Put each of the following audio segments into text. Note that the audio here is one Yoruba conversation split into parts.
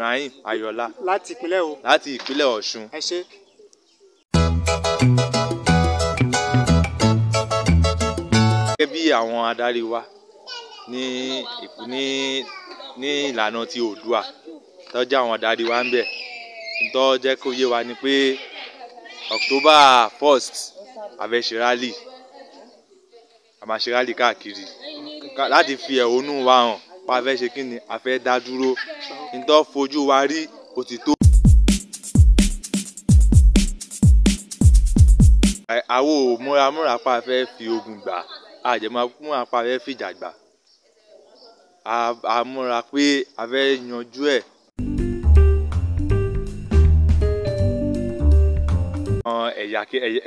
Ibrahim Ayọ̀lá. láti ìpínlẹ̀ o. láti ìpínlẹ̀ Ọ̀ṣun. ẹ ṣé. gẹ́gẹ́ bí àwọn adarí wa ní ní ní ìlànà ti Oòduà tó jẹ́ àwọn adarí wa ń bẹ̀ tó jẹ́ kó yé wa ni pé October first abẹ́ṣẹ́rálì àmàṣẹ́rálì káàkiri láti fi ẹ̀hónú wa hàn pa fẹ́ ṣe kí ni a fẹ́ dá dúró nítorí fojú wa rí òtítọ́. àwo pa fẹ́ fi ogun gbà àjẹmọ́ pa fẹ́ fìjà gbà a pé a fẹ́ yanjú ẹ̀.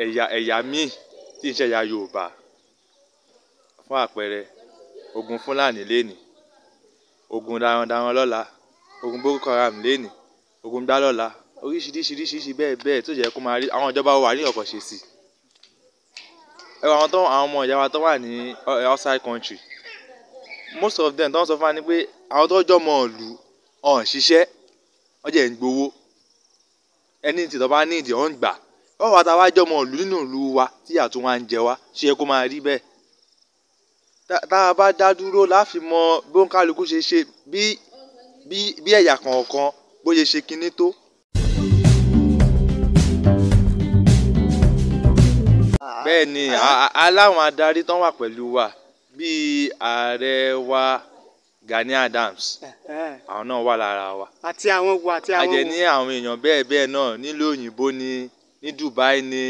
ẹ̀yà ẹ̀yà míì tí ń ṣe ẹ̀yà Yorùbá fún àpẹẹrẹ ogun Fúlàní lẹ́nìí ogun darandaran lọ́la ogun boko haram lẹ́nìí ogun gbá lọ́la oríṣiríṣiríṣiríṣi bẹ́ẹ̀ bẹ́ẹ̀ tó jẹ́ kó máa rí àwọn ìjọba wa ní ọ̀kọ̀ sí ẹ wọ àwọn tó àwọn ọmọ ìyá wa tó wà ní outside country most of them tó ń sọ fún wa ni pé àwọn tó jọ mọ ìlú ọ̀hún ṣiṣẹ́ ọjọ́ ẹ̀ ń gbowó ẹni tí tó bá ní ìdí ọ̀hún gbà ọ̀wọ́ àtàwọn àjọmọ̀ ìlú nínú ìlú wa tí ìyà ń jẹ wá ṣe é kó máa rí bẹ́ẹ̀ tá a bá dá dúró láfi mọ bóńkálukú ṣe ṣe bí bí bí ẹ̀yà kọ̀ọ̀kan bó ṣe ṣe kinní tó. bẹ́ẹ̀ ni aláwọn adarí tán wà pẹ̀lú wa bíi ààrẹ wa Gani Adams àwọn náà wà lára wa. àti àwọn wo àti àwọn wo. àjẹ àwọn èèyàn bẹ́ẹ̀ bẹ́ẹ̀ náà nílùú òyìnbó ni ní Dubai ni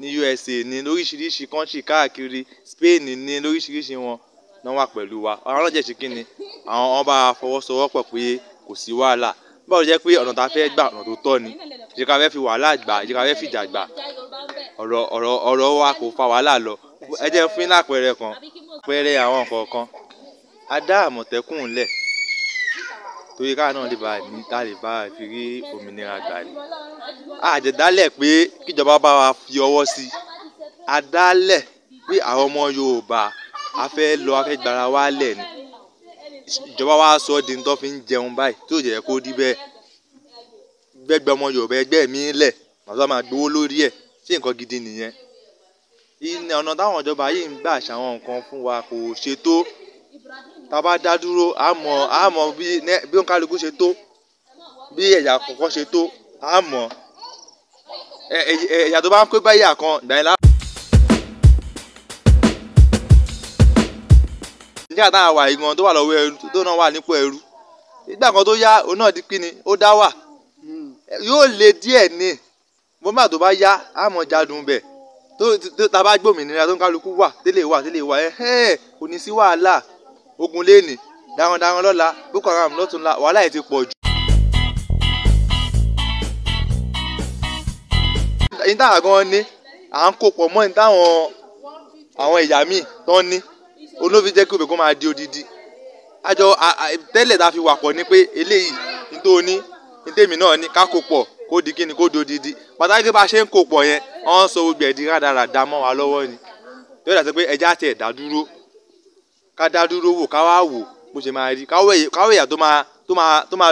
ní USA ni lóríṣiríṣi kọ́ńtì káàkiri Spain ni lóríṣiríṣi wọn náà wà pẹ̀lú wa àwọn náà jẹ́ ṣe kí ni àwọn ọba fọwọ́sowọ́pọ̀ pé kò sí wàhálà báwo jẹ́ pé ọ̀nà tá a fẹ́ gbà ọ̀nà tó tọ́ ni ṣé ká fẹ́ fi wàhálà gbà ṣé ká fẹ́ fìjà gbà ọ̀rọ̀ ọ̀rọ̀ ọ̀rọ̀ wa kò fa wàhálà lọ ẹ jẹ́ fún ní àpẹẹrẹ kan àpẹẹrẹ àwọn nǹkan kan a dá àmọ̀tẹ́kùn lẹ̀ torí káà náà lè bá ní tá a lè bá fi rí òmìnira gbà ni àjẹ̀dálẹ̀ pé kíjọba bá wa fi ọwọ́ sí i àdálẹ̀ pé àwọn ọmọ Yorùbá a fẹ́ lọ a fẹ́ gbara wa lẹ̀ ni ìjọba wa sọ di ní tó fi ń jẹun báyìí tí ò jẹ́ kó rí bẹ́ẹ̀ gbẹ́gbẹ́ ọmọ Yorùbá ẹgbẹ́ mi lẹ̀ màtó máa gbowó lórí ẹ̀ ṣé nǹkan gidi nìyẹn ọ̀nà táwọn ìjọba yìí ń gbà ṣàwọn nǹkan fún wa kò ṣe tó tá a bá dá dúró a mọ̀ a mọ̀ bí bí òǹkálukú ṣe tó bí ẹ̀yà kọ̀ọ̀kan ṣe tó a mọ̀ ẹ̀yà tó bá ń pé báyà kan ìgbà yẹn lá. nígbà táwọn àwà ìgbọ̀n tó wà lọ́wọ́ ẹrú tó náà wà nípò ẹrú nígbà kan tó yá òun náà di kíni ó dá wà yóò le díẹ̀ ni bọ́mbà tó bá yá àmọ́ jadùn bẹ̀ tó tàbá gbòmìnira tó ń kálukú wà tẹ́lẹ̀ wà tẹ́lẹ̀ wà ẹ̀ kò ní sí wàhálà ogun léènì darandaran lọ́la Boko Haram lọ́túnla wàhálà yìí ti pọ̀ jù. ìyìn táwọn ni à ń kó pọ̀ mọ́ ìyìn àwọn ẹ̀yà míì tán ní. olófin jẹ́ kí òbí kó máa di odidi a tẹ́lẹ̀ tá a fi wà pọ̀ ni pé eléyìí nítorí nítèmi náà ní ká kó pọ̀ kó di kíni kó di didi pàtàkì bá a ṣe ń kó pọ̀ yẹn wọ́n sọ gbogbo di rádaràda mọ́ wa lọ́wọ́ ni tó dàtí pé ẹja tẹ̀ dá dúró ká dá dúró wò ká wá wò bó ṣe máa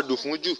rí fún jù.